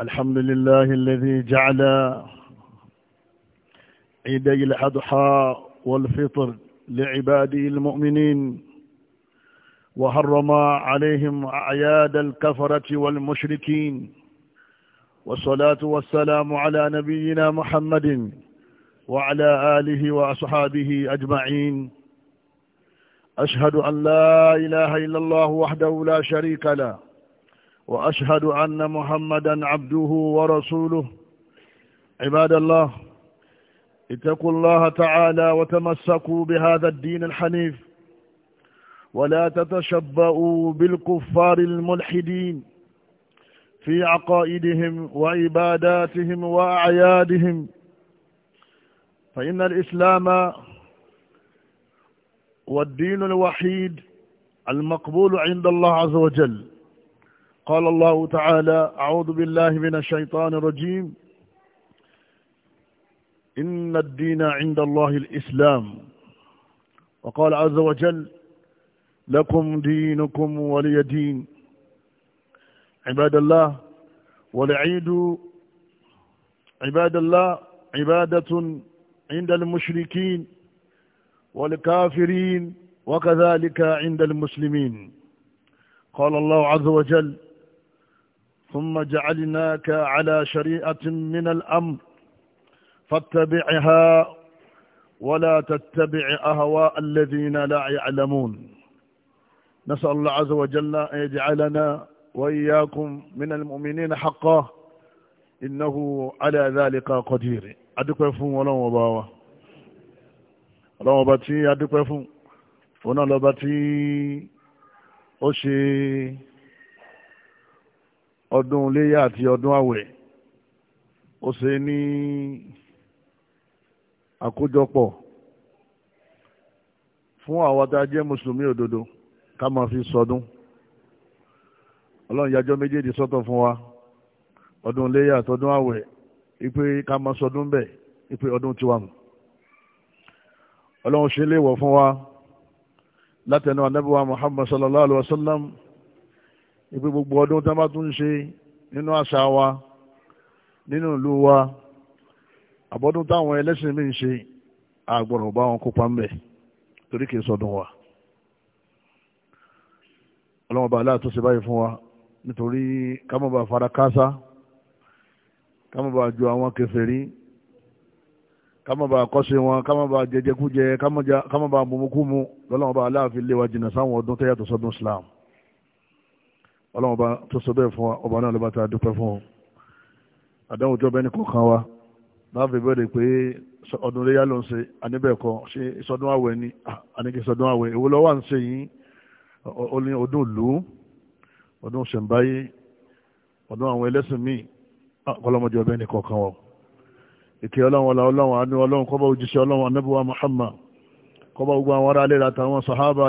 الحمد لله الذي جعل عيدي الأضحى والفطر لعباده المؤمنين وحرم عليهم أعياد الكفرة والمشركين والصلاة والسلام على نبينا محمد وعلى آله وأصحابه أجمعين أشهد أن لا إله إلا الله وحده لا شريك له وأشهد أن محمدا عبده ورسوله عباد الله اتقوا الله تعالى وتمسكوا بهذا الدين الحنيف ولا تتشبؤوا بالكفار الملحدين في عقائدهم وعباداتهم وأعيادهم فإن الإسلام والدين الوحيد المقبول عند الله عز وجل قال الله تعالى أعوذ بالله من الشيطان الرجيم إن الدين عند الله الإسلام وقال عز وجل لكم دينكم ولي دين عباد الله والعيد عباد الله عبادة عند المشركين والكافرين وكذلك عند المسلمين قال الله عز وجل ثم جعلناك على شريعة من الأمر فاتبعها ولا تتبع أهواء الذين لا يعلمون نسأل الله عز وجل أن يجعلنا وإياكم من المؤمنين حقا إنه على ذلك قدير أدوك فون ولا مباوة ولا مباتي أدوك فون ولا مباتي أشي ọdún léyà àti ọdún àwẹ̀ ó ṣe ní àkójọpọ̀ fún àwọn tá a jẹ́ mùsùlùmí òdodo ká máa fi sọdún ọlọ́run yàjọ́ méjèèjì sọ́tọ̀ fún wa ọdún léyà àtọdún àwẹ̀ ipe ká máa sọdún bẹ̀ ipe ọdún tiwa nù ọlọ́run ṣe léèwọ̀ fún wa látẹnu anábíwá muhammad sallallahu alaihi wa sallam ìpè gbogbo ọdún tá a bá tún ṣe nínú àṣà wa nínú ìlú wa àbọ̀dún táwọn ẹlẹ́sìn mi ń ṣe àgbọ̀rọ̀ bá wọn kópa ń bẹ̀ torí kìí sọdún wa ọlọ́mọba aláàtò ṣe báyìí fún wa nítorí kámọ́ba fara káásá kámọ́ba ju àwọn kèfèrí kámọ́ba kọ́sẹ̀ wọn kámọ́ba jẹjẹkújẹ kámọ́ba mumukumu lọ́lọ́mọba aláàfin lé wa jìnnà sáwọn ọdún tó sọdún Islam ọlọ́run ọba tó sọ bẹ́ẹ̀ fún wa ọba náà ló bá ta dúpẹ́ fún ọ àdánwò tó bẹ́ẹ̀ ní kọ̀ọ̀kan wa láàbì bẹ́ẹ̀ pé ọdún léyà ló ń ṣe àníbẹ̀ẹ̀kọ ṣe ìsọdún àwẹ̀ ni àníkè ìsọdún àwẹ̀ èwo ló wà ń ṣe yìí ó ní ọdún ìlú ọdún ṣẹ̀ǹbáyé ọdún àwọn ẹlẹ́sìn míì ọlọ́mọdé ọbẹ̀ ní kọ̀ọ̀kan wa ìkẹ́ ọlọ́run ọlá ọlọ́run àánú ọlọ́run kọ́bá Muhammad kọ́bá gbogbo àwọn ará lè ra àtàwọn sàhábà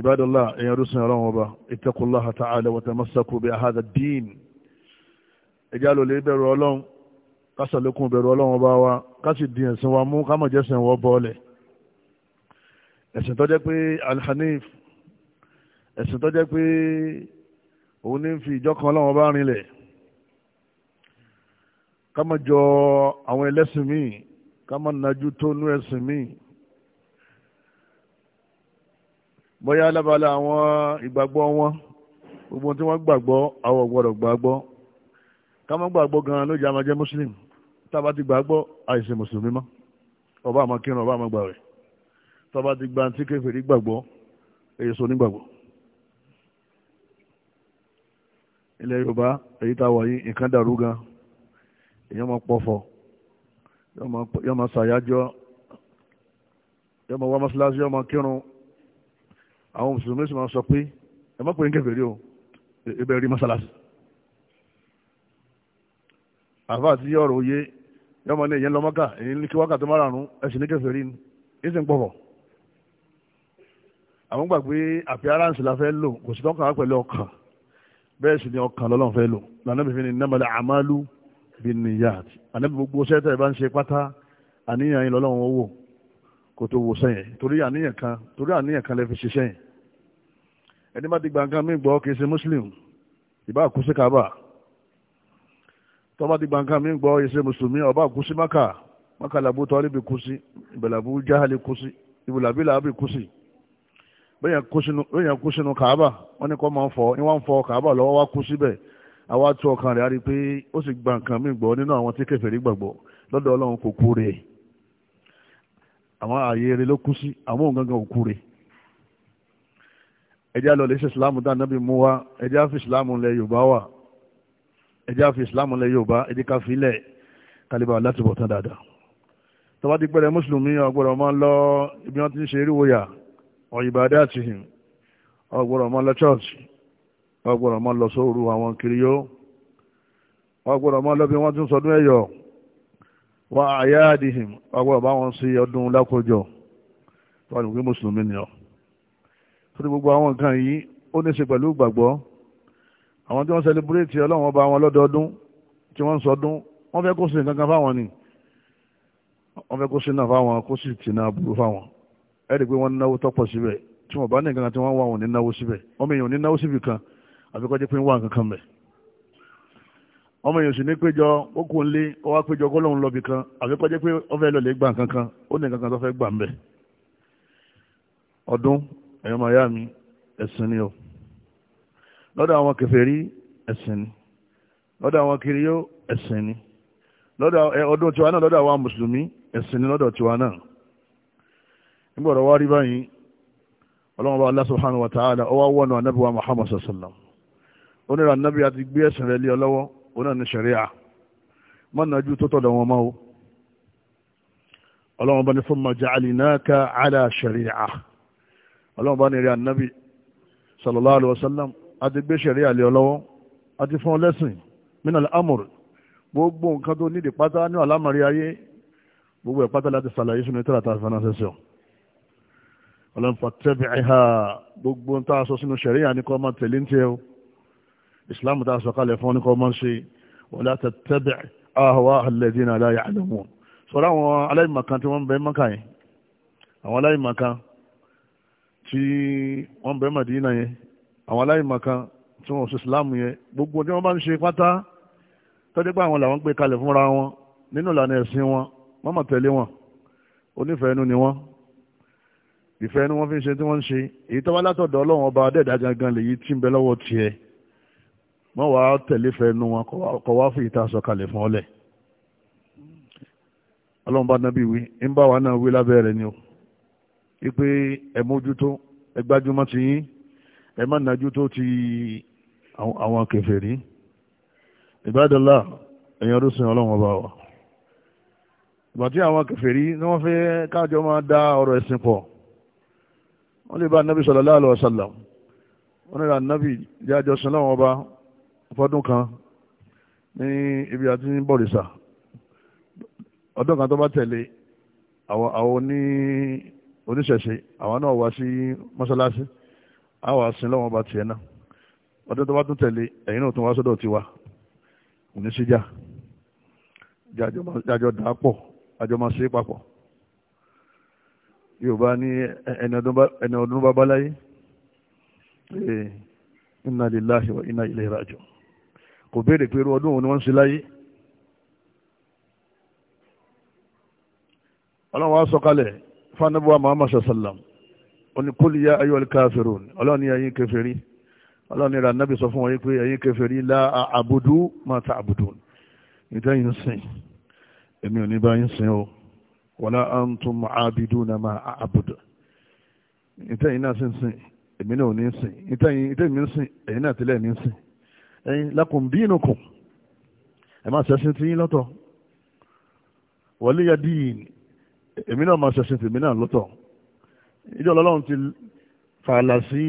ibadallah èèyàn rúṣin ọlọ́run ọba ittaqullaha ta'ala wa tamassaku bi hadha ad-din ẹjá ló lè bẹ̀rù ọlọ́run kásàlékún bẹ̀rù ọlọ́run ọba wa kásì di ẹ̀sìn wa mú ká mọ̀jẹ́ ẹ̀sìn bóyá lábala àwọn ìgbàgbọ́ wọn gbogbo tí wọ́n gbàgbọ́ àwọn ọ̀gbọ́dọ̀ gbàgbọ́ ká má gbàgbọ́ gan-an ló jẹ́ àmà jẹ́ muslim tá a bá ti gbàgbọ́ àìṣe mùsùlùmí mọ́ ọba àmà kírun ọba àmà gbàwẹ̀ tá a bá ti gba tí kèfèrí gbàgbọ́ èyí so nígbàgbọ́. ilẹ̀ yorùbá èyí tá a wà yìí nǹkan dàrú gan èèyàn máa pọ̀fọ̀ yóò máa ṣàyájọ́ yóò máa wá mọ́ṣáláṣí yóò máa kírun àwọn mùsùlùmí sì máa sọ pé ẹ má pè ní kèfèrí o ibẹ̀ rí mọ́sálásí àfa àti yọ̀rọ̀ òye yọ́mọ ní ìyẹn lọ́mọ́kà èyí ní kí wákàtí márùn-ún ẹ̀sìn ní kèfèrí ni èyí sì ń pọ̀ bọ̀ àwọn gbà pé àpẹ́ránsì la fẹ́ lò kò sí tọ́kàn pẹ̀lú ọkàn bẹ́ẹ̀ sì ni ọkàn lọ́lọ́run fẹ́ lò lànà bìfẹ́ ni nàmàlà àmàlù bin niyyat ànábì gbogbo sẹ́tẹ̀ bá ń ṣe pátá àníyàn yín lọ́lọ́run owó kò tó wò sẹ́yìn torí àníyàn kan torí àníyàn kan lè fi ṣiṣẹ́ yìí ẹni bá ti gba nǹkan mí gbọ́ kì í ṣe muslim ìbá kú sí kaaba tó bá ti gba nǹkan mí gbọ́ kì í ṣe mùsùlùmí ọba kú sí maka maka làbú tọ́líbi kú sí ìbẹ̀làbú jáhálì kú sí ìbùlàbí làbí kú sí bẹ́ẹ̀ yẹn kú sínú kaaba wọ́n ní kọ́ máa ń fọ ní wọ́n ń fọ kaaba lọ́wọ́ wá kú síbẹ̀ àwa tó ọkàn rẹ̀ á rí pé ó sì gba nǹkan mí gbọ́ nínú àwọn tí kèfèrí gbàgbọ́ ẹjẹ́ àlọ́ lè ṣe ìsìláàmù dá nábì mú wa ẹjẹ́ àfi ìsìláàmù lẹ yorùbá wà ẹjẹ́ àfi ìsìláàmù lẹ yorùbá ẹjẹ́ ká filẹ̀ kálíbà láti bọ̀ tán dáadáa tọ́ba ti pẹ́rẹ́ mùsùlùmí ọgbọ́dọ̀ máa ń lọ ibi wọn ti ń ṣe eríwòyà ọ̀yìnbá adáàtìhìn ọgbọ́dọ̀ máa ń lọ church ọgbọ́dọ̀ máa ń lọ sóòru àwọn kiriyó ọgbọ́dọ̀ máa ń lọ bí wọ́n ti ń sọdún ẹ̀yọ̀ wọ́n àyáàdìhìn ọgbọ́dọ̀ bá wọn sí ọdún lákòjọ́ wọ́n ní mùsùlùmí ni torí gbogbo àwọn nǹkan yìí ó ní ṣe pẹ̀lú ìgbàgbọ́ àwọn tí wọ́n sẹlẹ̀búrẹ́tì ọlọ́run ọba wọn lọ́dọọdún tí wọ́n ń sọdún wọ́n fẹ́ kó sí nǹkan kan fáwọn ni wọ́n fẹ́ kó sí náà fáwọn kó sì tì náà burú fáwọn ẹ rí i pé wọ́n náwó tọ́pọ̀ síbẹ̀ tí wọ́n bá ní nǹkan tí wọ́n wà wọn ní náwó síbẹ̀ ọmọ èèyàn ní náwó síbì kan àfi jẹ́ pé ń wà nǹkan ọmọ èèyàn sì ní péjọ ó kù ń lé ó wá péjọ kó lóun lọ́bì kan àfi kó pé ó fẹ́ lọ lè gbà nǹkan ó ní nǹkan tó fẹ́ gbà ń bẹ̀ ọdún ẹ̀yọ́ máa yá mi ẹ̀sìn ni o lọ́dọ̀ àwọn kèfèrí ẹ̀sìn ni lọ́dọ̀ àwọn kiriyó ẹ̀sìn ni lọ́dọ̀ ọdún tiwa náà lọ́dọ̀ àwọn mùsùlùmí ẹ̀sìn ni lọ́dọ̀ tiwa náà nígbọ̀dọ̀ wá rí báyìí ọlọ́run bá Allah subhanahu wa ta'ala ọwọ́ wọnú anábì wa Muhammad sallam ó nira anábì àti gbé ẹ̀sìn rẹ̀ lé ọ lọ́wọ́ ó náà ní ṣẹ̀ríà mọ́nà ju tó tọ̀dọ̀ wọn máa ọlọ́run bá ní fún ma ja'alinaka ala ṣẹ̀ríà ọlọ́run bá ní rí ànábì sallallahu alaihi wasallam a ti gbé ṣẹ̀rí àlẹ́ ọlọ́wọ́ a ti fún ọ lẹ́sìn minal amur gbogbo nǹkan tó nídìí pátá ní àlámọ̀rí ayé gbogbo ẹ̀ pátá láti sàlàyé sínú tẹ́lá tá a fi ránṣẹ́ sí ọ ọlọ́run fàtẹ́bì ẹ̀hà gbogbo tá a sọ sínú ṣẹ̀rí àní kọ́ máa tẹ̀lé ń tiẹ̀ o islam tá a sọ kalẹ̀ fún ọ máa ń ṣe wala tatabi ahwa alladhina la ya'lamun sọ̀rọ̀ àwọn aláìmọ̀kan tí wọ́n ń bẹ mọ́kà yẹn àwọn aláìmọ̀kan tí wọ́n bẹ̀rẹ̀ Màdínà yẹn àwọn aláìmọ̀ kan tí wọ́n ṣe Islam yẹn gbogbo tí wọ́n bá ń ṣe pátá tọ́jú pé àwọn làwọn gbé kalẹ̀ fúnra wọn nínú ìlànà ẹ̀sìn wọn wọ́n mọ̀ tẹ̀lé wọn onífẹ̀ẹ́ inú ni wọ́n ìfẹ́ inú wọn fi ń ṣe tí wọ́n ń ṣe èyí tó wá látọ̀dọ̀ ọlọ́run ọba adẹ́ẹ̀dá gangan lèyí tí ń bẹ lọ́wọ́ tiẹ̀ mọ́ wàá tẹ̀lé fẹ́ inú wọn kọ̀ wá fún ìta sọ̀kalẹ̀ fún ọlẹ̀ ọlọ́run bá nábì wí ń bá wa náà wí lábẹ́ rẹ̀ ni o wípé ẹ mójútó ẹ gbájúmọ́ ti yín ẹ má nájú ti àwọn kèfèrí ìbádọ́lá ẹ̀yàn rúsùn ọlọ́run ọba wa ìgbà tí àwọn kèfèrí ní wọ́n fẹ́ káàjọ máa dá ọ̀rọ̀ ẹ̀sìn pọ̀ wọ́n lè bá nábì sallallahu alaihi wasallam wọ́n lè ra nábì jájọ sin ọlọ́run ọba fọ́dún kan ní ibi àti ní bọ̀rìṣà ọdún kan tó bá tẹ̀lé àwọn ní oníṣẹ̀ṣe àwọn náà wá sí mọ́ṣáláṣí àwọn àsìn lọ́wọ́n bá tiẹ̀ náà ọdún tó bá tún tẹ̀lé ẹ̀yin náà tún wá sọ́dọ̀ tiwa òní síjà jájọ dà á pọ̀ àjọ máa ṣe é papọ̀ yorùbá ní ẹni ọdún bá báláyé inna lillahi wa inna ilayhi raji'un kò béèrè pé irú ọdún òun ni wọ́n ń ṣe láyé ọlọ́run wá sọ̀kalẹ̀ fanabuwa muhammad sallam oníkólíyà ayọ́lẹ̀ káfíròn ọlọ́run ní ẹ̀yin kẹfẹ́rí ọlọ́run ní ìrànnábì sọ fún wọn pé ẹ̀yin kẹfẹ́rí la àbùdú máa ta àbùdú ìtẹ́yìn sìn èmi ò ní bá yín sìn o wala antum abiduna ma àbùdú ìtẹ́yìn náà sì ń sìn èmi náà ò ní sìn ìtẹ́yìn mi ń sìn ẹ̀yin náà tilẹ̀ ní sìn lakum dinukum ẹ̀ máa ṣẹ́sìn tí yín lọ́tọ̀ waliya din èmi náà máa ṣẹ̀ṣẹ̀ tèmi náà lọ́tọ̀ ìjọ ọlọ́run ti fààlà sí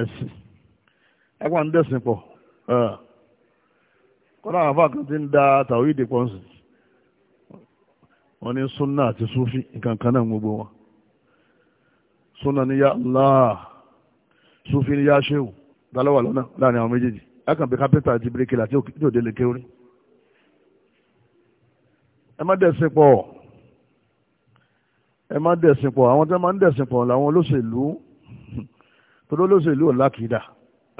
ẹ̀sìn ẹ̀pà ń dẹ̀sìn pọ̀ kọ́nà àwọn afáàkàn ti ń da tàwídìí pọ̀ sí wọ́n ní súnà àti súfì nǹkan kan náà gbogbo wọn súnà ní ya Allah súfì ní ya ṣéwù dálọ́wà lọ́nà láàrin àwọn méjèèjì ẹ̀kàn bí kápẹ́ntà àti bíríkìlà tí ò délé kéwrí ẹ má dẹ̀sìn pọ̀ ẹ má dẹ̀sìn pọ̀ àwọn tí wọ́n máa ń dẹ̀sìn pọ̀ làwọn olóṣèlú torí olóṣèlú ò lákìdá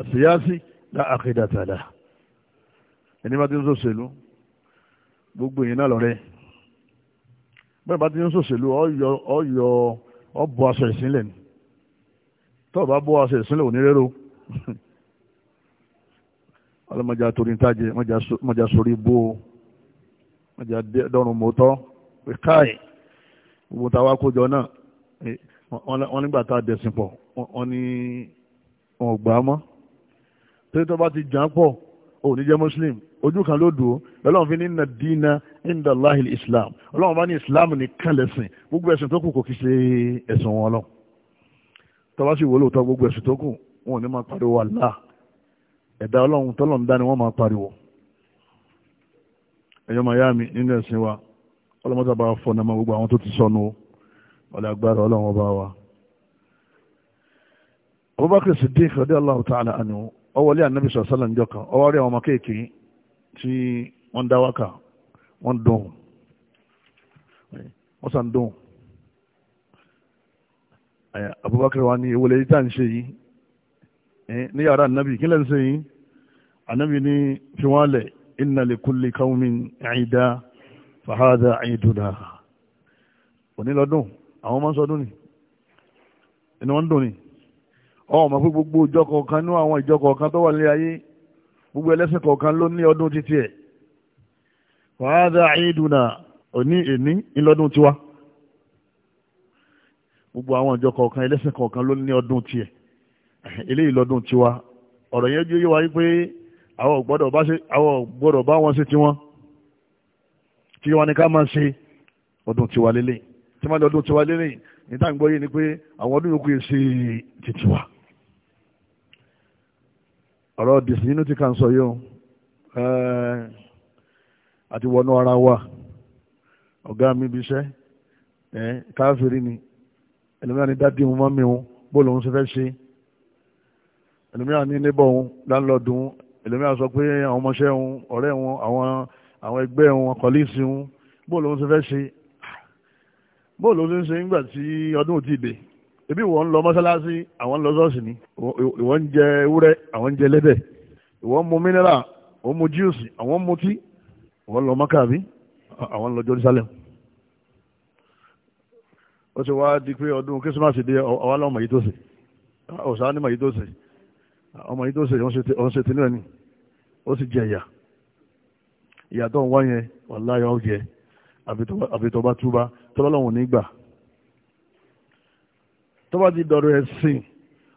àṣeyásí dá àkìdá tàdá ẹni bá ti ń ṣòṣèlú gbogbo èèyàn náà lọ́rẹ́ bẹ́ẹ̀ bá ti ń ṣòṣèlú ọ̀yọ́ ọ̀yọ́ ọ̀bọ aṣọ ìsínlẹ̀ ni tọ́ọ̀ bá bọ́ aṣọ ìsínlẹ̀ ò ní rérò ọlọ́mọdé àtòrí ntájẹ mọ́jà sórí bó mọ́jà dọ́rùn mọ́tọ́ pé káyìí gbogbo wa kójọ náà eh, wọ́n nígbà tá a dẹ̀sìn pọ̀ wọ́n ní wọn ò gbà á mọ́ torí tó bá ti jà pọ̀ ò ní jẹ́ muslim ojú kan ló dùn ó fi ní nà dínà indalahil islam ọlọ́run bá ní islam nìkan lẹ́sìn gbogbo ẹ̀sìn tó kù kò kì í ṣe ẹ̀sìn wọn lọ tó bá sì wò lóòótọ́ gbogbo ẹ̀sìn tó kù wọn ò ní máa pariwo Allah ẹ̀dá ọlọ́run tọ́lọ́run dá ni wọ́n máa pariwo ẹ̀yọ́ màyá mi nínú ẹ̀sìn wa ọlọ́mọdé bá fọ́nà mọ́ gbogbo àwọn tó ti sọnù ọlẹ́ agbára ọlọ́wọ́n bá wa. Abubakar Siddiq radiyallahu ta'ala anhu ọwọ́lé ànábì sọ̀sọ́lá ń jọkàn ọwọ́ rí àwọn ọmọ kéèké tí wọ́n dá wákà wọ́n dùn wọ́n sàn dùn. Abubakar wa ni ìwọlé yìí tá à ń ṣe yìí ní yàrá ànábì kí lẹ́nu ṣe yìí ànábì ní fi wọ́n lẹ̀ inna li kulli qawmin 'ida. fàhádà àyídùnà onílọ́dún àwọn ọmọ sọdún ni dùn ni ọmọ ọmọ gbogbo ìjọ kọ̀ọ̀kan ní àwọn ìjọ kọ̀ọ̀kan tó wà nílé ayé gbogbo ẹlẹ́sìn kọ̀ọ̀kan ló ní ọdún títí ẹ̀ fàhádà òní ńlọ́dún tiwa gbogbo àwọn ìjọ kọ̀ọ̀kan ẹlẹ́sìn kọ̀ọ̀kan tí wọn ni ká máa ṣe ọdún tiwa lélẹ̀ tí wọn lọ ọdún tiwa lélẹ̀ ní tá à ń gbọ́ yìí ni pé àwọn ọdún yòókù yìí ṣe titiwa. ọ̀rọ̀ disunity kan sọ yóò àti wọnú ara wa ọ̀gá mi bí iṣẹ́ káfíìrì ni ẹlòmíràn ní dádì òun mọ́mí òun bó lòun ṣe fẹ́ ṣe ẹlòmíràn ní níbọ̀ òun láńlọ́ọ̀dù òun ẹlòmíràn sọ pé àwọn ọmọọṣẹ́ òun ọ̀rẹ́ òun àwọn àwọn ẹgbẹ́ wọn kọ́lísì wọn bóòlù ló ń ṣe fẹ́ ṣe bóòlù ló ń ṣe nígbà tí ọdún ò ti dé ebi wọ́n lọ mọ́sálásí àwọn ń lọ ṣọ́ọ̀ṣì ni ìwọ́n ń jẹ ewúrẹ́ àwọn ń jẹ lẹ́dẹ̀ ìwọ́n mu mínírà òun mu jíùsì àwọn ń mutí ìwọ́n lọ mọ́kàbí àwọn ń lọ Jerusalem ó ti wá di pé ọdún kírísímàsì dé ọwọ́ lọ́mọ yìí tó ṣe ọ̀sán ni mọ̀ yìí tó ṣe ọmọ yìí tó ṣe òun ṣe tinú ẹni ó sì jẹ ìyàtọ̀ wá yẹn wàláyà ó jẹ àbítọ́ba túbá tọ́lọ́lọ́hùn nígbà tọ́ba ti dọ̀rọ̀ ẹ̀sìn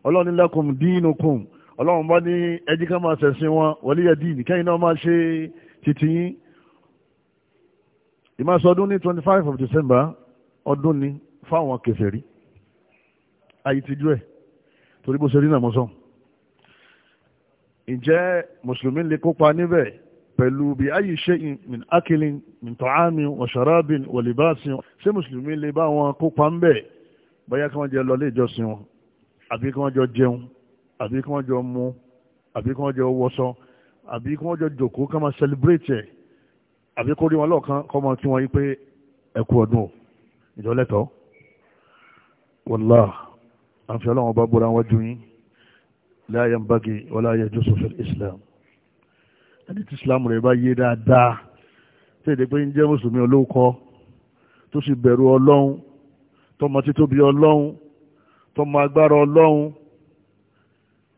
ọlọ́run ní lakum dinukum ọlọ́run bá ní ẹjí ká máa ṣẹ̀sìn wọn wọléyà dín kẹ́yìn náà máa ṣe títí yín ìmáṣọdún ní twenty five of December ọdún ni fáwọn kèfèrí ayé ti jú ẹ̀ torí bó ṣe rí nàmọ́sán ǹjẹ́ mùsùlùmí lè kópa níbẹ̀ pẹ̀lú bí ayi ṣe min akilin min tọ́ámi wọ̀ṣọ́rábìn wọ̀lìbáṣì ṣé mùsùlùmí lè bá wọn kópa ń bẹ̀ bóyá kí wọ́n jẹ lọ léèjọsìn wọn àbí kí wọ́n jọ jẹun àbí kí wọ́n jọ mu àbí kí wọ́n jọ wọṣọ àbí kí wọ́n jọ jòkó ká máa celebrate ẹ̀ àbí kó rí wọn lọ́ọ̀kan kọ́ máa kí wọ́n yí pé ẹ ọdún o ìjọlẹ́tọ̀ wàlá àǹfẹ́ ọlọ́run bá bóra wájú yín la yanbaghi wala yajuzu fil Islam ẹni tí islam rẹ̀ bá yé dáadáa tí èdè pé ń jẹ́ mùsùlùmí olóòkọ́ tó sì bẹ̀rù ọlọ́run tọmọ títóbi ọlọ́run tọmọ agbára ọlọ́run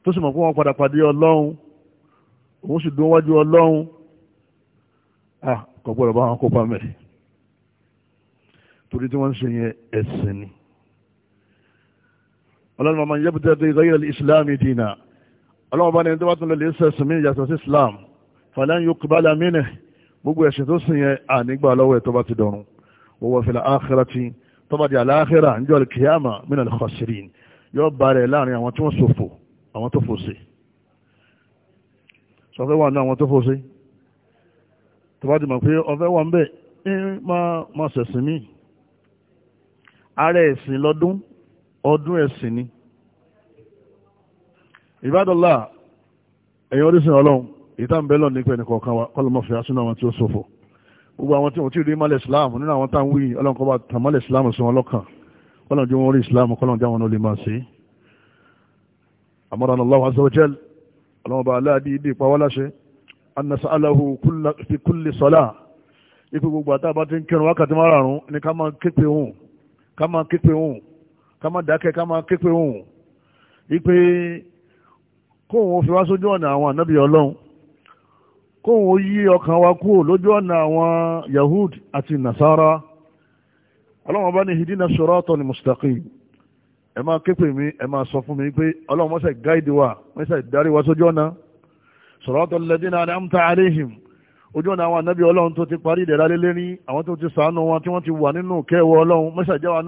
tó sì mọ̀ pé wọ́n padà pàdé ọlọ́run òun sì dún wájú ọlọ́run ah kò gbọ́dọ̀ bá wọn kópa mẹ́ torí tí wọ́n ń ṣe yẹn ẹ̀sìn ni ọlọ́run màmá yẹ́bùtẹ́ bí ghayra al-islam dínà ọlọ́run bá ní ẹni tó bá tún lọ lè sẹ́sìn mí yàtọ̀ sí islam falan yuqbala minhu gbogbo ẹ̀sìn tó sìn yẹn ànígbà lọ́wọ́ ẹ̀ tó bá ti dọ̀run wa huwa fil akhirati tó bá di al-akhirah níjọ́ kìyàmà minal khasirin yóò bá rẹ̀ láàrin àwọn tí wọ́n ṣòfò àwọn tó fòsè sọfẹ́ wà ní àwọn tó fòsè tó bá ti mọ̀ pé ọfẹ́ wà ń bẹ̀ ẹ máa ṣẹ̀sìn mí ara ẹ̀sìn lọ́dún ọdún ẹ̀sìn ni ìbádọ́lá ẹ̀yìn orísun ọlọ́run ìta ń bẹ lọ nípa ẹnìkan kan wa kọlọmọ fìyà sínú àwọn tí ó ṣòfò gbogbo àwọn tí wọn ti rí mọ́lẹ̀ islam nínú àwọn tá ń wí ọlọ́run kọ́ bá tàn mọ́lẹ̀ islam sí wọn lọ́kàn kọlọ́n jẹ́ wọn rí islam kọlọ́n jẹ́ wọn lè máa ṣe. amọ́ra Allah azza jal ọlọ́run bá aláàdí ibi ìpawọ́láṣẹ anasa alahu fi kulli sọlá ipò gbogbo àtàbà ti ń kírun wákàtí márùn-ún ni ká máa képe òun ká máa képe òun ká máa dákẹ́ ká máa képe òun ipe kóun fi wá sójú ọ̀nà àwọn ànábì ọlọ́run kóhun ó yí ọkàn wa kúrò lójú ọ̀nà àwọn yahud àti nasara ọlọ́run bá ní hidina siratan mustaqim ẹ máa ké pè mí ẹ máa sọ fún mi pé ọlọ́run mọ́sẹ̀ gáìdì wa mọ́sẹ̀ darí wa sójú ọ̀nà siratal ladina an'amta alayhim ojú ọ̀nà àwọn ànábì ọlọ́run tó ti parí ìdẹ̀ra lé lérí àwọn tó ti sàánú wọn tí wọ́n ti wà nínú kẹwọ́ ọlọ́run mọ́sẹ̀ jẹ́ wa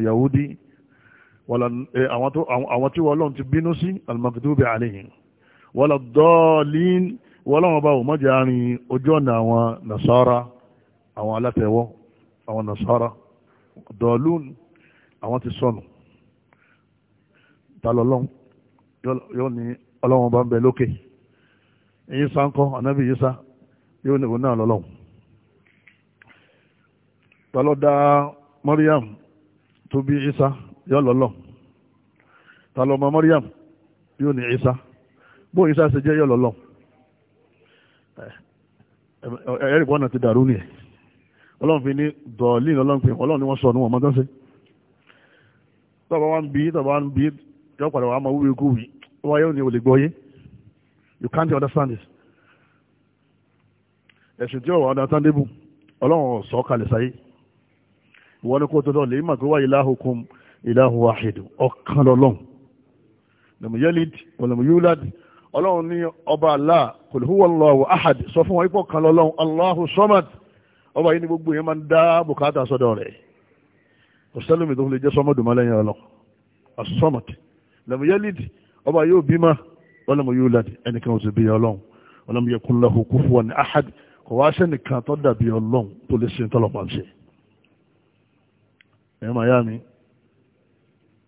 náà Eh, àwọn tí wọ́n lọ́n ti bínú sí al-maghdubi alayhim wala ddallin wọ́n lọ́wọ́ bá òmọ́jà rìn ojú ọ̀nà àwọn nasara àwọn alátẹ̀wọ́ àwọn nasara dọ̀ọ̀lún àwọn ti sọnù talọ́lọ́n yóò ní ọlọ́wọ́n bá ń bẹ lókè Ìsá ńkọ́ yọ lọ́lọ́ ta lọ́mọ Mariam yóò ní Isa bó Isa ṣe jẹ́ yọ lọ́lọ́ eh, ẹ̀rí bọ́ọ̀nà ti dàrú nìyẹn ọlọ́run fi ní dọ̀ọ̀lì ọlọ́run fi ọlọ́run ni wọ́n sọ ní wọn mọ́tọ́sí tọ́ba wa ń bí tọ́ba wa ń bí yọ padà wàá ma wúwo ikú wì wọ́n yóò ní olè gbọ́yé you can't understand this ẹ̀sìn tí ọ̀wà understandable ọlọ́run sọ kalẹ̀ sáyé ìwọ ni kó tó dọ̀ọ̀lì ìmọ̀ pé wáyé láhùkùn ìlàhùn wàhídù ọ̀kan lọ́lọ́n lọ́mùyẹ́lìd ọ̀lọ́mùyúlad ọlọ́run ní ọba Allah kul huwa Allahu ahad sọ fún wọn ipò kan lọ́lọ́run Allahu samad ọba yìí ni gbogbo yẹn máa ń dá bùkátà sọ́dọ̀ rẹ̀ ọ̀sẹ́lùmí tó lè jẹ́ sọ́mọ́dù mọ́lẹ́yìn ọlọ́ as-samad lọ́mùyẹ́lìd ọba yóò bímọ ọlọ́mùyúlad ẹnìkan ò sì bí ọlọ́run ọlọ́mùyẹkùn lahu kufuwan ahad kò wá sẹ́nìkan tó dàbí mi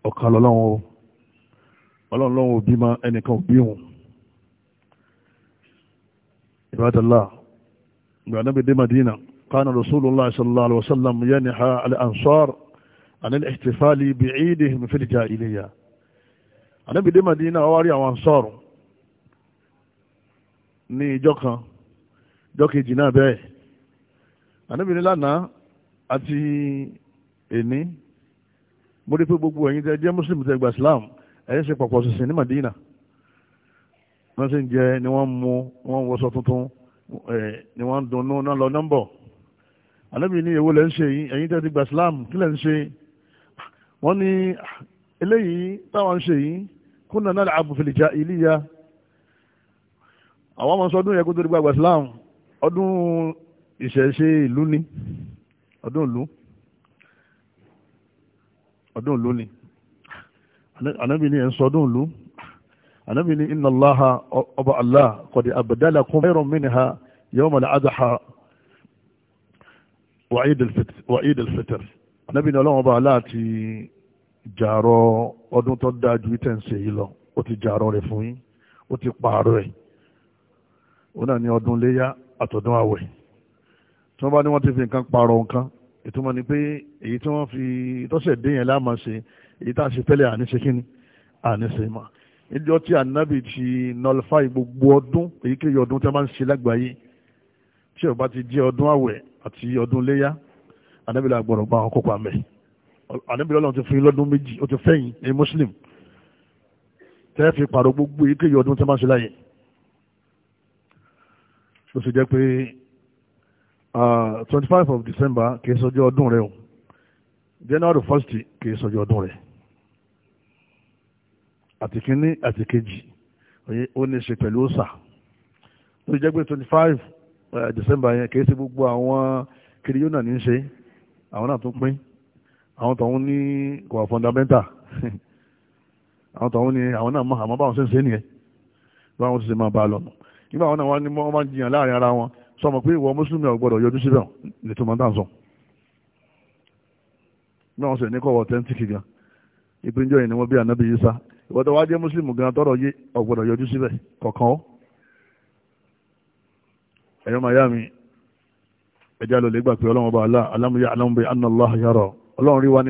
ọ̀kan lọ́lọ́run o ọlọ́run lọ́run ò bímọ ẹnìkan ò bí òun ibadallah ìgbà Ànábì dé Madina kana rasulullah sallallahu alaihi wasallam yanha al-ansar an al-ihtifali bi'idihim fil jahiliya Ànábì dé Madina wá rí àwọn ansar ní ìjọ kan ìjọ náà bẹ́ẹ̀ Ànábì lánàá àti èní mo rí gbogbo ẹ̀yin tẹ́ jẹ́ muslim tẹ́ gba islam ẹ̀yin ṣe pọ̀pọ̀ sísìn ní madina wọ́n sì ń jẹ ni wọ́n mu wọ́n wọ́sọ tuntun ni wọ́n dunnú náà lọ nọ́mbọ̀ ànábì ní èwo lẹ́ ń ṣe ẹ̀yin tẹ́ ti islam kí lẹ́ ń ṣe wọ́n ní eléyìí táwọn ń ṣe yìí náà àwọn ọmọ sọdún yẹ kó islam ọdún ìṣẹ̀ṣe ìlú ni ọdún ìlú ọdún ìlú ni anábì ní ẹ̀sọ́ ọdún ìlú anábì ní inna Allaha ọba Allah qad abdalakum khayran minha yawm al-adha wa Eid al-Fitr anábì ní ọlọ́run ọba Allah ti jàrọ ọdún tó dáa ju tẹ̀ ń ṣe yìí lọ ó ti jàrọ rẹ̀ fún yín ó ti pààrọ̀ ẹ̀ ó náà ní ọdún léyá àtọ̀dún àwẹ̀ tí wọ́n bá ní wọ́n ti fi nǹkan pààrọ̀ nǹkan ìtumọ̀ ni pé èyí tí wọ́n fi tọ́sẹ̀ dé yẹn láàmà ṣe èyí tá a ṣe tẹ́lẹ̀ àníṣe kíni àníṣe mà níjọ́ tí ànábì ti nọlifáì gbogbo ọdún èyíkéyìí ọdún tí wọ́n bá ń ṣe lágbàáyé tí ó ti jẹ́ ọdún àwẹ̀ àti ọdún léyá ànábì la gbọ́dọ̀ gba àwọn kópa mẹ́ ànábì lọ́lọ́run ti fún lọ́dún méjì ó ti fẹ́yìn ní muslim tẹ́ fi pàrọ̀ gbogbo èyíkéyìí ọdún tí wọ́n bá ń ṣe láyé ló sì jẹ́ pé Ah, twenty five of december kì í sọjọ́ ọdún rẹ o january first kì í sọjọ́ ọdún rẹ àti kínní àti kejì ó ní ṣe pẹ̀lú ọ̀sà ó jẹ́ pé twenty five eh, december yẹn kì í ṣe gbogbo àwọn kiri yóò nà ní ṣe àwọn náà tún pín àwọn tọ̀hún ní kò wà fọ́ndámẹ́ntà àwọn tọ̀hún ní àwọn náà mọ̀ àmọ́ báwọn ṣe ń ṣe nìyẹn báwọn ṣe máa bá a lọ nígbà àwọn náà wọ́n máa ń jiyàn láàrin ara wọn sọmọ pé ìwọ mùsùlùmí ọ̀gbọ́dọ̀ yọjú síbẹ̀ ní tó máa ń nsọ ní àwọn sọ̀rọ̀ ní kọ́ ọ̀tẹ́ntìkì gan ìpínjọ́ yìí ni wọ́n bí ànábì Ìsá ìwọ tó wá jẹ́ mùsùlùmí gan tọ́rọ̀ yé ọ̀gbọ́dọ̀ yọjú síbẹ̀ mi ló lè gbà pé ọlọ́run alámúyá alámúbẹ ọlọ́run rí wa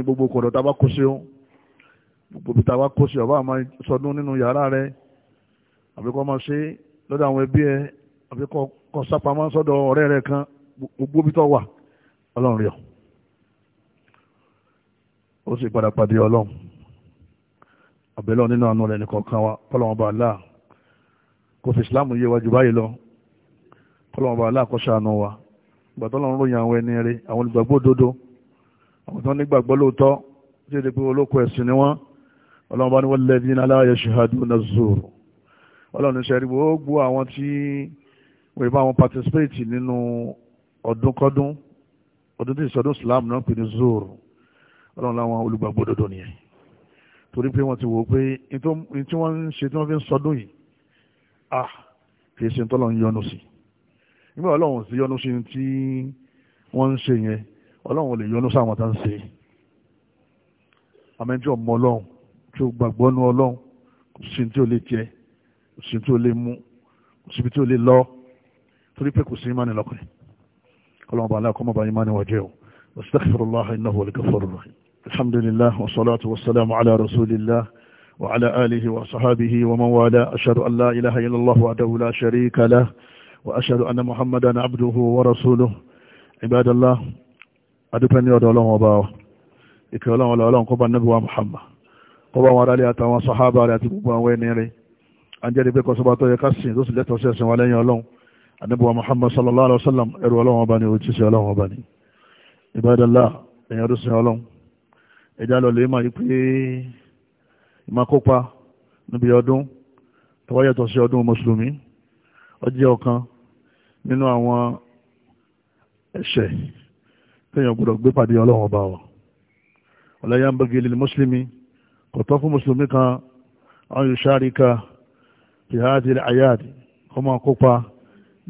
gbogbo a kó sápamọ́ sọ́dọ̀ ọ̀rẹ́ rẹ̀ kan gbogbo bí tó wà ọlọ́run rí ọ ó sì padà pàdé ọlọ́run àbẹ̀lọ́ nínú àánú rẹ̀ nìkọ̀ọ̀kan wa kọ́lọ́wọ́n bá aláà kò fi ìsìláàmù yé wa jù báyìí lọ kọ́lọ́wọ́n bá aláà kó ṣàánú wa ìgbà tó lọ́run ròyìn àwọn ẹni rẹ̀ àwọn olùgbàgbọ́ òdodo àwọn tó nígbàgbọ́ lóòótọ́ tí ó di pé olóko ẹ̀sìn ni wọ́n ọlọ́run bá ní wal ladhina la yashhaduna az-zur ọlọ́run ṣe rí gbogbo àwọn tí kò ì bá wọn participate nínú ọdúnkọdún ọdún tí ìṣọdún Islam náà pè ní zoro ọlọ́run láwọn olùgbàgbọ́ dodo nìyẹn torí pé wọ́n ti wò ó pé ní tí wọ́n ń ṣe tí wọ́n fi ń sọdún yìí ah kì í ṣe tọ́lọ̀ ń yọnu sí nígbà ọlọ́run sì yọnu sí tí wọ́n ń ṣe yẹn ọlọ́run ò lè yọnu sáwọn tá ń ṣe àmẹ́jọ ọmọ ọlọ́run tí ó gbàgbọ́ nu ọlọ́run kò sí tí ó lè jẹ kò sí tí ó lè mú kò síbi tí ó lè lọ́ọ́ torí pé kò sí imáni lọ́kàn ọlọ́mọba aláàkọ́mọba imáni wà jẹ́ o astaghfirullah innahu wal ghafur rahim alhamdulillah wa salatu wa salamu ala rasulillah wa ala alihi wa sahabihi wa man wala ashhadu an la ilaha illallah wahdahu la sharika lah wa ashhadu anna muhammadan abduhu wa rasuluhu ibadallah adúpẹ́ ní ọ̀dọ̀ ọlọ́run ọba wa ìkẹ́ ọlọ́run ọlọ́run kó bá nábì wa wọn aráàlẹ́ àtàwọn sahaba rẹ̀ àti gbogbo àwọn ẹni rẹ̀ à ń jẹ́rìí yẹ ká sìn tó sì lẹ́tọ̀ọ́ sí ẹ̀sìn wa lẹ́yìn ọlọ́run anabuwa muhammad sallallahu alaihi wasallam ẹrù ọlọ́wọ́n ọba ni òjíṣẹ́ ọlọ́wọ́n ọba ni ìbádọ́lá ẹ̀yìn ọdún sin ọlọ́run ẹ̀dá lọ lè máa yí pé ìmá kópa níbi ọdún tọwọ́ yàtọ̀ sí ọdún mùsùlùmí ó jẹ́ ọ̀kan nínú àwọn ẹ̀ṣẹ̀ téèyàn gbọ́dọ̀ gbé pàdé ọlọ́run ọba wa ọ̀lẹ́yà ń bẹ́gẹ́ lil mùsùlùmí kò tọ́ fún mùsùlùmí kan àwọn yusharika fi hadhihi al-ayad kọ́ máa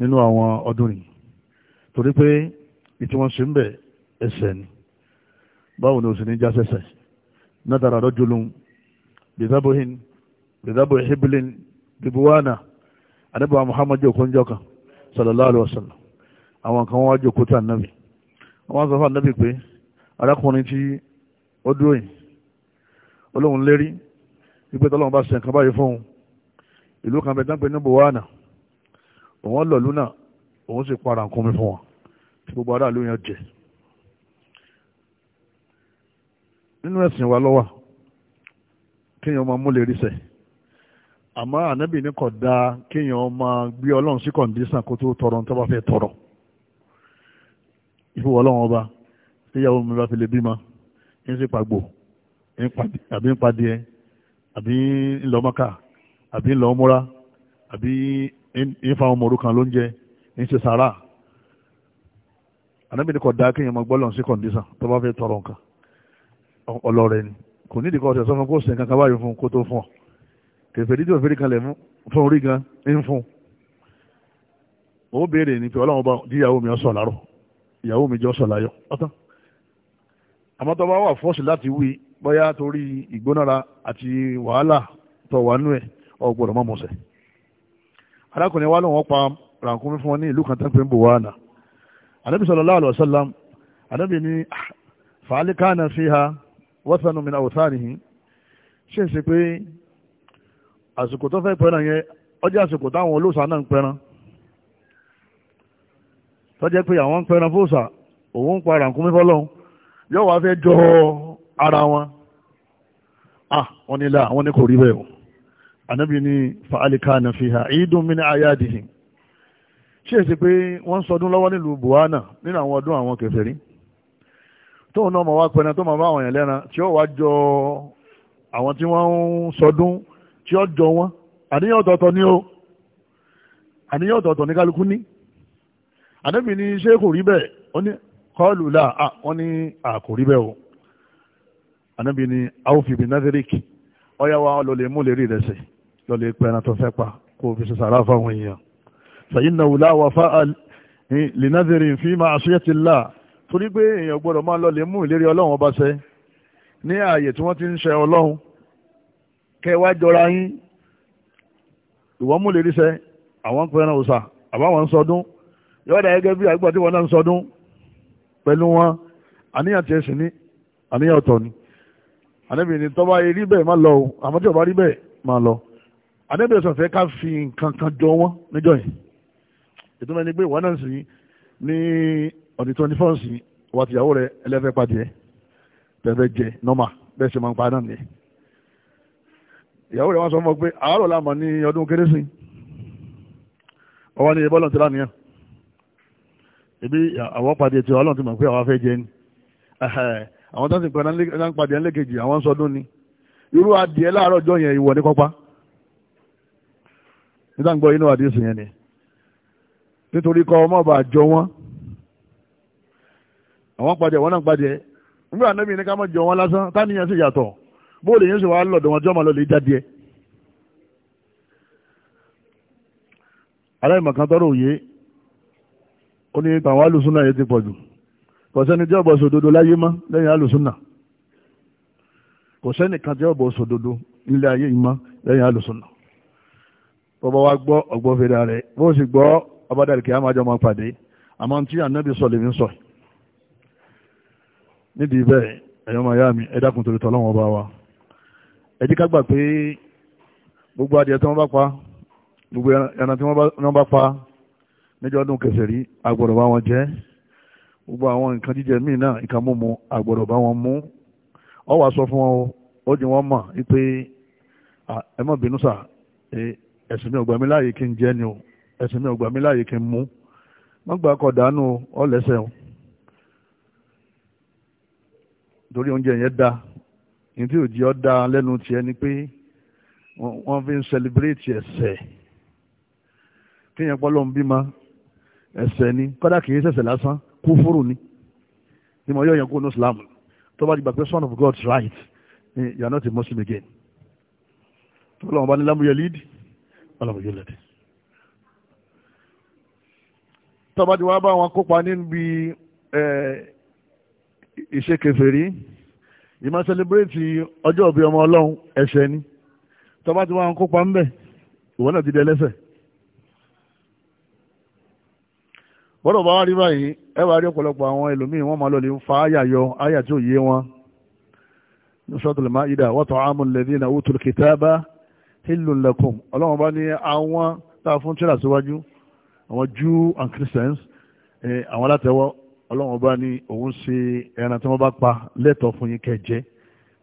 nínú àwọn ọdún yìí torí pé ìtí wọ́n ṣe ń bẹ̀ ẹsẹ̀ ni báwo ni òsì ní já sẹ́sẹ̀ nádàrà rọ́júlùm bìdábòhìn ìhìbìlìn bìbúwánà àdébà muhammadu okunjọ kan sallallahu alaihi wasallam àwọn kan wájú òkúta ànábì wọ́n sọ fún ànábì pé arákùnrin tí ó dúró yìí olóhùn lérí wípé tọ́lọ́mù bá ṣe báyìí fún ìlú kan bẹ̀ ní bùwánà òun lọ lúnà òun sì para nǹkan mi fún wọn tí gbogbo aráàlú yẹn jẹ nínú ẹ̀sìn wa lọ́wọ́ kéèyàn máa múlẹ̀ rí sẹ̀ àmọ́ ànábì ní kò dáa kéèyàn máa gbé ọlọ́run sí kọ̀ǹdísàn kó tó tọrọ ní tó fẹ́ tọrọ ìfowó ọlọ́run ọba tíyàwó mi bá fi lè bímọ ń sì pàgbò àbí ń padìẹ àbí ń lọ mọ́kà àbí ń lọ múra àbí ìfà ọmọ òrukàn ló ń jẹ ń ṣe sàrà ànábì ní kò dáa kéèyàn máa gbọ́lọ̀ sí kọ̀ǹdísàn tó bá fẹ́ tọrọ nǹkan ọlọ́rẹ̀ ni kò ní ìdíkọ̀ ọ̀sẹ̀ sọ́fún kó sì nǹkan kábàáyé fún kó tó fún ọ kẹfẹ́ dídí òfin kan lẹ̀ fún orí gan ń fún ó béèrè ní pé ọlọ́run bá díyàwó mi ọ̀sọ̀ lárọ̀ ìyàwó mi jọ sọ̀ láyọ̀ ọ̀tán àmọ́ tó bá wà fọ́ọ̀sì láti wí bóyá torí ìgbónára àti wàhálà tó wà nú ẹ̀ ọ̀gbọ̀dọ̀ mọ́mọ́sẹ̀ arákùnrin wa lóun pa ràkúnmí fún wọn ní ìlú kan tó ń pè ń bò wá nà ànábì sallallahu alaihi wasallam ànábì ní ah, fàálí káànà fi ha wathanu min awthanihi ṣe ń ṣe pé àsìkò tó fẹ́ pẹ́ràn yẹn ọjọ́ àsìkò táwọn olóòsà náà ń pẹ́ràn tó jẹ́ pé àwọn ń pẹ́ràn fóòsà òun ń pa ràkúnmí fọ́lọ́hún yóò wá fẹ́ jọ ara wọn ah wọn ni là wọn ni kò rí bẹ́ẹ̀ o anábì ní faalika na fi hà ìdùn mí ní ayádìhì ṣé èsì pé wọ́n ń sọdún lọ́wọ́ nílùú buhana nínú àwọn ọdún àwọn kèfèrí tóun náà mọ̀ wá pẹ́ná tó máa bá àwọn èèyàn lẹ́ran tí ó wá jọ àwọn tí wọ́n ń sọdún tí ó jọ wọn àníyàn ọ̀tọ̀ọ̀tọ̀ ni ó àníyàn ọ̀tọ̀ọ̀tọ̀ ní kálukú ní ànábì ní ṣé kò rí bẹ́ẹ̀ ó ní kọ́ọ̀lù là á wọ́n ní àkò rí bẹ́ẹ̀ o ànábì ní àwòfìbì nàfẹ́ríkì ọ̀yá wa lọ mú lè rí rẹ̀ lọ́lẹ̀ pẹ́ ẹran tó fẹ́ pa kó fi ṣe sàrá fáwọn èèyàn sàyìn náà wùlá wà fá lìnàdìrì fi máa àṣeyẹ ti là torí pé èèyàn gbọ́dọ̀ máa lọ́lẹ̀ mú ìlérí ọlọ́run ọba ṣẹ ní ààyè tí wọ́n ti ń ṣe ọlọ́run kẹ wá jọra yín ìwọ́n mú ìlérí ṣẹ àwọn pẹran òòṣà àbáwọn ń sọdún yọ̀ọ́dà gẹ́gẹ́ bí àgbà tí wọ́n náà ń sọdún pẹ̀lú wọn àníyàn ti ẹ̀sìn ní àníyàn ọ̀tọ̀ ni àníbìnrin tó bá rí bẹ́ẹ̀ má lọ o àmọ́ tí ò bá rí bẹ́ẹ̀ má lọ àdébẹ̀ sọ̀rọ̀ fẹ́ ká fi nǹkan kan jọ wọ́n níjọ́ yẹn ètò mẹ́ni pé ìwọ náà sì ní ọ̀dí twenty four sí wà tìyàwó rẹ ẹlẹ́fẹ́ pàdé ẹ tẹ́fẹ́ jẹ nọ́mà bẹ́ẹ̀ ṣe máa ń pa náà nìyẹn ìyàwó rẹ wọn sọ fún ọ pé àárọ̀ làmọ̀ ní ọdún kérésì ọwọ́ ní ìbọ́lọ̀ tí lánìyàn ibi àwọn pàdé tí ọlọ́run ti mọ̀ pé àwọn afẹ́ jẹ ni àwọn tó ń sìn pàdé ẹlẹ́kejì àwọn sọdún ni irú adìẹ láàárọ̀ ọjọ́ yẹn ìwọ ní kọ́pá nígbà gbọ́ inú àdísù yẹn ni nítorí kọ́ ọmọ bá jọ wọ́n àwọn pàdé àwọn náà pàdé nígbà anábì ní ká má jọ wọ́n lásán táníyàn sì yàtọ̀ bóòlù yẹn sì wà lọ́dọ̀ wọn jọ́mọ̀ lọ́lẹ̀ jáde ẹ̀ aláìmọ̀kan tọ́rọ òye ó ní tàwọn alùsúnà yẹn ti pọ̀ jù kò sẹ́ni tí ọ̀bọ̀ sòdodo láyé mọ́ lẹ́yìn alùsúnà kò sẹ́nìkan tí ọ̀bọ̀ sòdodo nílé ayé yìí mọ́ lẹ́yìn alùsúnà bọ́bá wa gbọ́ ọgbọ́ fèrè rẹ̀ bó sì gbọ́ ọbádàríkì àmàjọ máa pàdé àmọ́ tí ànábì sọ lèmi sọ nídìí bẹ́ẹ̀ ẹ̀yọ́ máa yá mi ẹ dákun torí tọ́lọ́wọ́n bá wa ẹ jí ká gbà pé gbogbo adìẹ tí wọ́n bá pa gbogbo ẹran tí wọ́n bá pa níjọ́ ọdún kẹsẹ̀rí àgbọ̀dọ̀ bá wọn jẹ gbogbo àwọn nǹkan jíjẹ míì náà nǹkan mímu àgbọ̀dọ̀ bá wọn mú ọ wàá sọ fún wọn ó jẹ wọn mọ̀ wípé ẹ má bínú sà ẹ̀sìn mi ò gbà láàyè kí n jẹ ni o ẹ̀sìn mi ò gbà láàyè kí n mú wọ́n gbà kọ̀ dànù ọ̀lẹ́sẹ̀ o torí oúnjẹ yẹn da ní tí òjì ọ́ da lẹ́nu tiẹ̀ ni pé wọ́n fi ń sẹlẹ̀bírẹ́tì ẹ̀sẹ̀ kíyàn pọ́ ló ń bímọ ẹ̀sẹ̀ ni kọ́dà kì í ṣẹ̀ṣẹ̀ lásán kúfúrù ni ni mo yọ yẹn kó ní Islam tó bá di gbà son of God's right eh, you are not a Muslim again tó lọ́wọ́ bá ní lámúyẹ lídìí ọlọ́mọdé lẹ́dẹ̀. tọ́ba ti wá bá wọn kópa níbi ìṣe kèfèrí ìmọ̀ sẹlẹ̀bírẹ́tì ọjọ́ òbí ọmọ ọlọ́run ẹ̀ṣẹ̀ ni tọ́ba ti wá wọn kópa ńbẹ̀ ìwọ náà ti di ẹlẹ́ṣẹ̀. bọ́dọ̀ bá wá rí báyìí ẹ wá rí ọ̀pọ̀lọpọ̀ àwọn ẹlòmíín wọ́n máa lọ lè ń fa àyà yọ àyà tí ò yé wọn. ní sọ́tò lè má yí dà wọ́n hillun lakum ọlọ́run bá ní àwọn tá a fún tíra síwájú àwọn Jew and Christians àwọn alátẹ̀wọ́ ọlọ́run bá ní òun ṣe ẹran tí wọ́n bá pa lẹ́tọ̀ọ́ fún yín kẹjẹ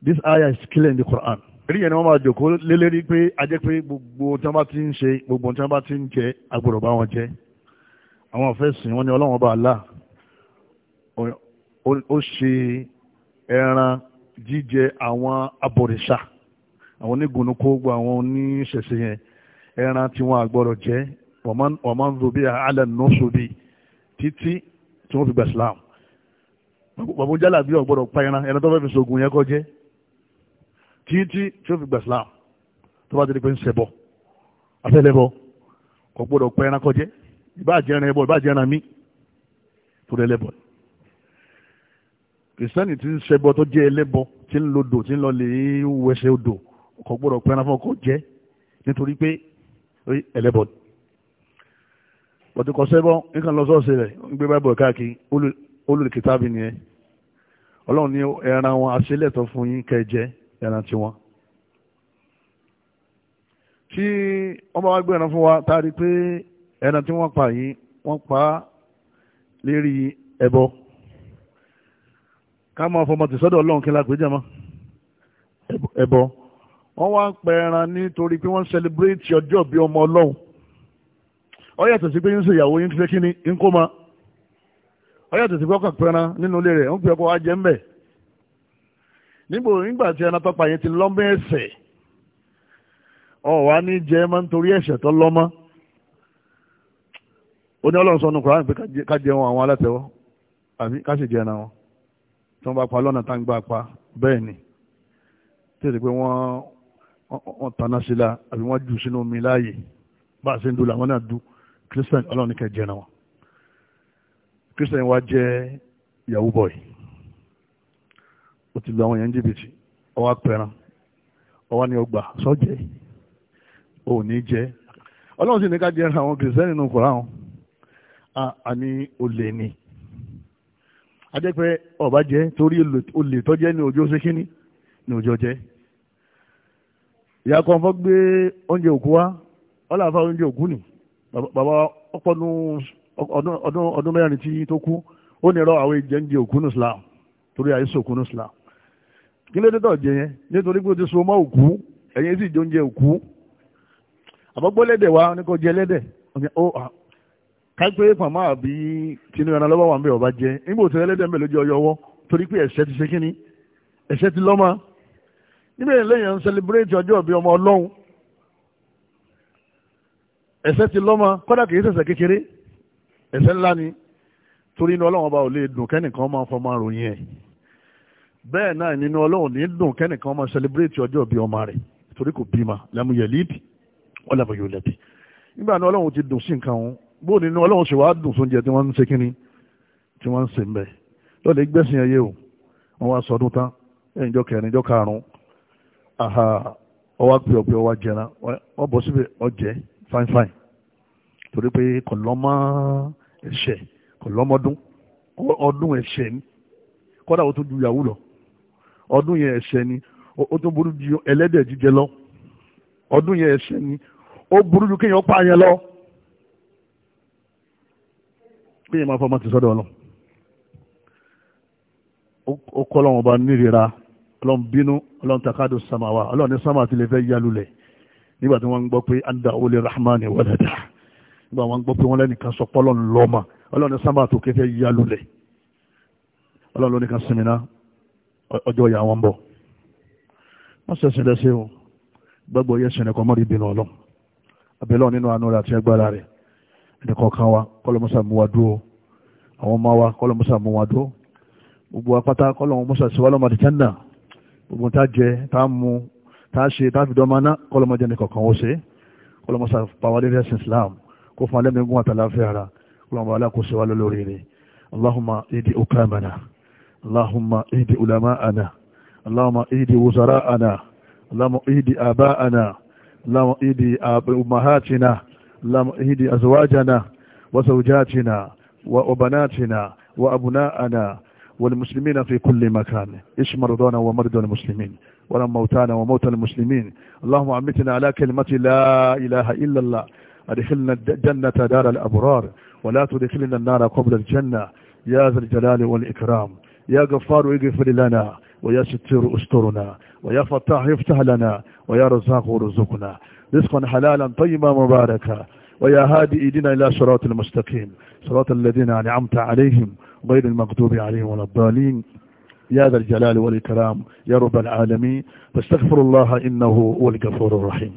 this ayah is clear in the Quran èyí yẹn ni wọ́n máa jòkó lélẹ́rí pé ajẹ́ pé gbogbo tí wọ́n bá ti ń ṣe gbogbo tí wọ́n bá ti ń jẹ agbọ̀dọ̀ bá wọn jẹ àwọn àfẹ́sìn wọn ni ọlọ́run bá là ó ṣe ẹran jíjẹ àwọn abọ̀rìṣà àwọn onígun kó gbọ́ àwọn oníṣẹ̀ṣe yẹn ẹran tí wọ́n àgbọ̀rọ̀ jẹ́ wọ́n máa ń lo bí alẹ́ nọ́ọ̀sù bí títí tí wọ́n fi gbà Islam bàbá jálà bí ọ̀gbọ́dọ̀ pa ẹran ẹran tó fẹ́ fi sògùn yẹn kọ́ jẹ́ títí tí wọ́n fi gbà Islam tó bá ti pé ń ṣẹbọ afẹ́lẹ́bọ kò pa ẹran kọ́ jẹ́ ìbáàjẹ́ ẹran ẹbọ ìbáàjẹ́ ẹran mí tó lẹ́ lẹ́bọ̀ kìrìsìtánì ti ń ṣẹbọ tó jẹ́ ẹlẹ́bọ tí ń lo odò tí ń lọ lè wẹsẹ̀ odò kò gbọ́dọ̀ pẹ́ran fún ọkọ̀ jẹ́ nítorí pé ẹlẹ́bọ̀ bọ̀dùkọ̀ sẹ́bọ̀ nǹkan lọ sọ́ọ̀sì rẹ̀ ń gbé bábọ̀ káàkiri olùkìtàbí nìyẹn ọlọ́run ní ẹran wọn àṣẹlẹ̀tọ̀ fún yín kẹjẹ ẹran tiwọn tí wọ́n bá wá gbé ẹran fún wa tá a rí pé ẹran tí wọ́n pa yìí wọ́n pa á lérí ẹbọ ká máa fọmọ tìsọ́dọ̀ ọlọ́run kí n lápèjẹ́ mọ́ ẹbọ wọ́n wá ń pẹ ẹran nítorí pé wọ́n ń celebrate ọjọ́ bí ọmọ ọlọ́run ó yàtọ̀ sí pé ń ṣe ìyàwó yín fẹ́ kí ni ń kó ma ó yàtọ̀ sí pé ọkàn pẹran nínú ilé rẹ̀ ń pè ọkọ̀ ajẹ́ ń bẹ̀ nígbò nígbà tí ẹran tọ́pa yẹn ti lọ́mọ ẹ̀ṣẹ̀ ó wá ní jẹ́ máa ń torí ẹ̀ṣẹ̀ tó lọ́mọ ó ní ọlọ́run sọnù kọ́ra pé ká jẹun àwọn alátẹ̀wọ́ àbí ká sì jẹ ẹran wọn tí wọ́n bá pa lọ́nà tá ń gbà pa bẹ́ẹ̀ ni tí ó ti pé wọ́n wọ́n tanná sí la àbí wọ́n jù sínú omi láàyè bá a ṣe ń dùn làwọn náà dùn christian ọlọ́run kẹ jẹ́ wọn christian wa jẹ́ yahoo boy ó ti lu àwọn yẹn jìbìtì ọwọ́ apẹran ọwọ́ ni ọgbà sọ́jẹ́ ò ní jẹ́ ọlọ́run sì ní ká jẹ́ àwọn christian nínú kọ̀ọ̀rọ̀ àwọn àní olè ni adẹ́pẹ́ ọ̀bá jẹ́ torí olè tọ́jẹ́ ní ojú ó ṣe kíní ní ojú ọjẹ́ ìyá kan fọ́ gbé oúnjẹ òkú wá wọ́n làá fa oúnjẹ òkú nì bàbá ọpọnu ọdún ọdún mẹ́rin tí tó kú ó ní ẹ̀rọ àwọn ìjẹ́ ń jẹ òkú ní Islam torí àìsàn òkú ní Islam kí ló dé tọ̀ jẹ yẹn nítorí pé o ti so mọ́ òkú ẹ̀yìn sì jẹ oúnjẹ òkú àbọ̀gbọ́ lẹ́dẹ̀ wa ní kò jẹ lẹ́dẹ̀ kápẹ́ pàmò àbí tinú ẹran lọ́wọ́ wa ń bẹ̀ ọba jẹ nígbà òtún ẹlẹ́dẹ̀ ń bẹ̀ lójú ọyọ ọwọ́ torí pé ẹ̀ṣẹ̀ ti ṣe kíni ẹ̀ṣẹ̀ ti lọ́mọ níbẹ̀ lẹ́yìn ń sẹlẹ̀bírẹ́tì ọjọ́ ìbí ọmọ ọlọ́run ẹ̀ṣẹ̀ ti lọ́mọ kọ́dà kìí ṣẹ̀ṣẹ̀ kékeré ẹ̀ṣẹ̀ ńlá ni torí inú ọlọ́run ọba ò lè dùn kẹ́nìkan máa fọmọ ròyìn ẹ̀ bẹ́ẹ̀ náà nínú ọlọ́run ní dùn kẹ́nìkan máa sẹlẹ̀bírẹ́tì ọjọ́ ìbí ọmọ rẹ̀ torí kò bímọ lẹ́mu yẹ̀lídì ọlọ́mọ yóò lẹ́bi nígbà náà ọlọ́run ti dùn sí nǹkan òun bó nínú ọlọ́run ṣe wàá dùn sóúnjẹ tí wọ́n ń ṣe kínní tí wọ́n ń ṣe ń bẹ̀ lọ́ọ̀lẹ́ gbẹ̀sìn ẹyẹ o wọ́n wá sọdún tán ẹ̀yìnjọ́ kẹrin ìjọ́ karùn-ún aha ọwá pè ọ̀pẹ ọwá jẹran wọ́n bọ̀ síbẹ̀ ọjẹ́ fine fine torí pé kò lọ́mọ ẹ̀ṣẹ̀ kò lọ́mọdún ọdún ẹ̀ṣẹ̀ ni kọ́dà ó tún ju ìyàwó lọ ọdún yẹn ẹ̀ṣẹ̀ ni ó tún burú ju ẹlẹ́dẹ̀ jíjẹ lọ ọdún yẹn ẹ̀ṣẹ̀ ni ó burú ju kéèyàn pa yẹn lọ kéèyàn máa fọmọ ti sọ́dọ̀ ọlọ́ ó kọ́ lọ́wọ́n ọba nírira ọlọ́run bínú ọlọ́run takádù samawa ọlọ́run ní sama àti lè fẹ́ yálulẹ̀ nígbà tí wọ́n ń gbọ́ pé anda olè rahman walada nígbà wọ́n ń gbọ́ pé wọ́n lẹ́nìkan sọ pọ́lọ́ lọ́mà ọlọ́run ní sama àti òkè fẹ́ yálulẹ̀ ọlọ́run ló nìkan sinmi náà ọjọ́ ìyá wọn bọ̀ wọ́n sẹ̀sìn lẹ́sẹ̀ o gbàgbọ́ yẹ sẹ̀nẹ̀ kọ́ mọ́rí bínú ọlọ́run abẹ́lẹ́ nínú àánú rẹ̀ àti agbára rẹ̀ ẹnìkọ̀ọ̀kan wa kọ́lọ́mọ́sà mú wa dúró àwọn ọmọ wa kọ́lọ́mọ́sà mú wa dúró gbogbo tá jẹ tá mu tá ṣe tá fi dọ́mọ ná kọlọmọdé ní kọ̀ọ̀kan ó ṣe kọlọmọsà pàwọ́lé rẹ̀ sin Islam kó fún alẹ́mẹ̀gún àtàláfẹ́ ara kọlọmọ alákòóso wa lólórí rẹ̀ Allahumma idi ukamana Allahumma idi ulama'ana Allahumma idi wuzara'ana Allahumma idi aba'ana Allahumma idi ummahatina Allahumma idi azwajana wa zawjatina wa banatina wa abna'ana والمسلمين في كل مكان إش مرضانا ومرضى المسلمين ولا موتانا وموتى المسلمين اللهم أمتنا على كلمة لا إله إلا الله أدخلنا الجنة دار الأبرار ولا تدخلنا النار قبل الجنة يا ذا الجلال والإكرام يا غفار اغفر لنا ويا ستر استرنا ويا فتاح افتح لنا ويا رزاق ارزقنا رزقا حلالا طيبا مباركا ويا هادي ايدنا الى صراط المستقيم صراط الذين أنعمت عليهم غير المغضوب عليهم ولا الضالين يا ذا الجلال والإكرام يا رب العالمين فاستغفر الله إنه هو الغفور الرحيم